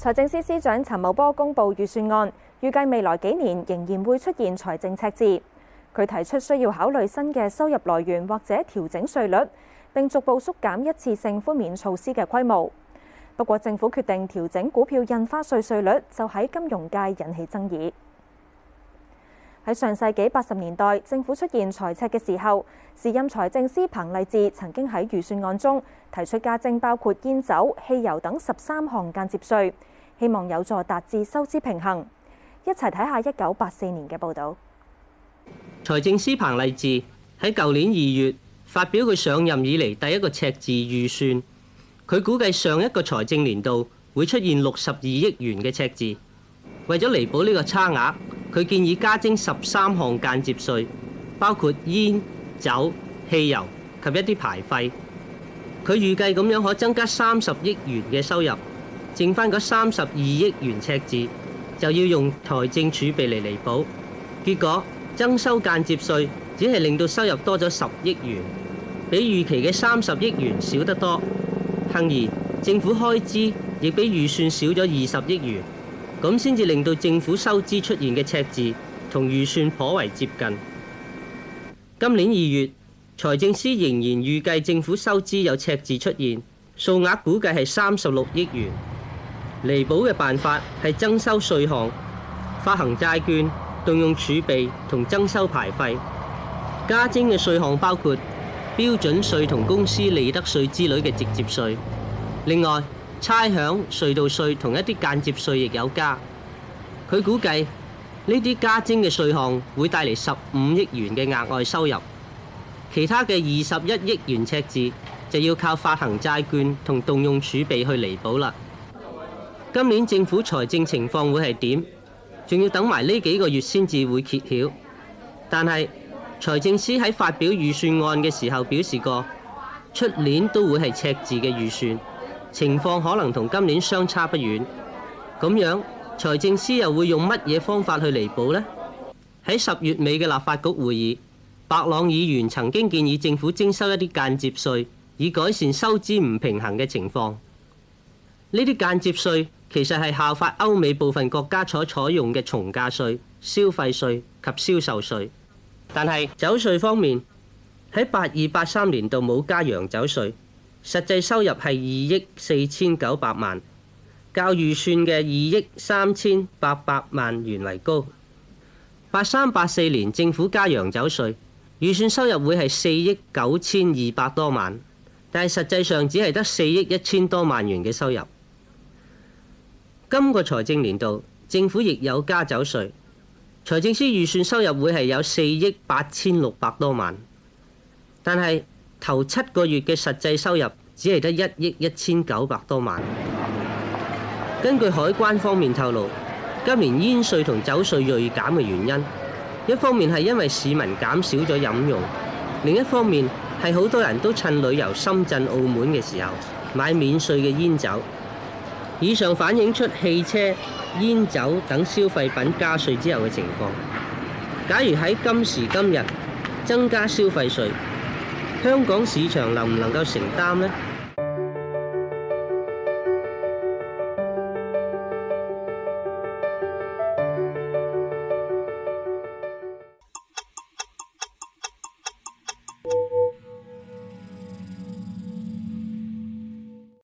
財政司司長陳茂波公布預算案，預計未來幾年仍然會出現財政赤字。佢提出需要考慮新嘅收入來源或者調整稅率，並逐步縮減一次性寬免措施嘅規模。不過，政府決定調整股票印花稅稅率，就喺金融界引起爭議。喺上世紀八十年代，政府出現財赤嘅時候，時任財政司彭勵治曾經喺預算案中提出加徵包括煙酒、汽油等十三項間接稅，希望有助達至收支平衡。一齊睇下一九八四年嘅報導。財政司彭勵治喺舊年二月發表佢上任以嚟第一個赤字預算，佢估計上一個財政年度會出現六十二億元嘅赤字，為咗彌補呢個差額。佢建議加徵十三項間接稅，包括煙酒、汽油及一啲牌費。佢預計咁樣可增加三十億元嘅收入，剩翻嗰三十二億元赤字，就要用財政儲備嚟彌補。結果增收間接稅只係令到收入多咗十億元，比預期嘅三十億元少得多。幸而政府開支亦比預算少咗二十億元。咁先至令到政府收支出現嘅赤字，同預算頗為接近。今年二月，財政司仍然預計政府收支有赤字出現，數額估計係三十六億元。彌補嘅辦法係增收稅項、發行債券、動用儲備同增收牌費。加徵嘅稅項包括標準稅同公司利得稅之類嘅直接稅。另外，差餉隧道稅同一啲間接稅亦有加，佢估計呢啲加徵嘅稅項會帶嚟十五億元嘅額外收入，其他嘅二十一億元赤字就要靠發行債券同動用儲備去彌補啦。今年政府財政情況會係點，仲要等埋呢幾個月先至會揭曉。但係財政司喺發表預算案嘅時候表示過，出年都會係赤字嘅預算。情況可能同今年相差不遠，咁樣財政司又會用乜嘢方法去彌補呢？喺十月尾嘅立法局會議，白朗議員曾經建議政府徵收一啲間接稅，以改善收支唔平衡嘅情況。呢啲間接稅其實係效法歐美部分國家所採用嘅重價稅、消費稅及銷售稅。但係酒稅方面，喺八二八三年度冇加洋酒稅。實際收入係二億四千九百萬，較預算嘅二億三千八百萬元為高。八三八四年政府加洋酒稅，預算收入會係四億九千二百多萬，但係實際上只係得四億一千多萬元嘅收入。今個財政年度政府亦有加酒稅，財政司預算收入會係有四億八千六百多萬，但係，頭七個月嘅實際收入只係得一億一千九百多萬。根據海關方面透露，今年煙稅同酒稅鋭減嘅原因，一方面係因為市民減少咗飲用，另一方面係好多人都趁旅遊深圳、澳門嘅時候買免稅嘅煙酒。以上反映出汽車、煙酒等消費品加稅之後嘅情況。假如喺今時今日增加消費稅。香港市場能唔能夠承擔呢？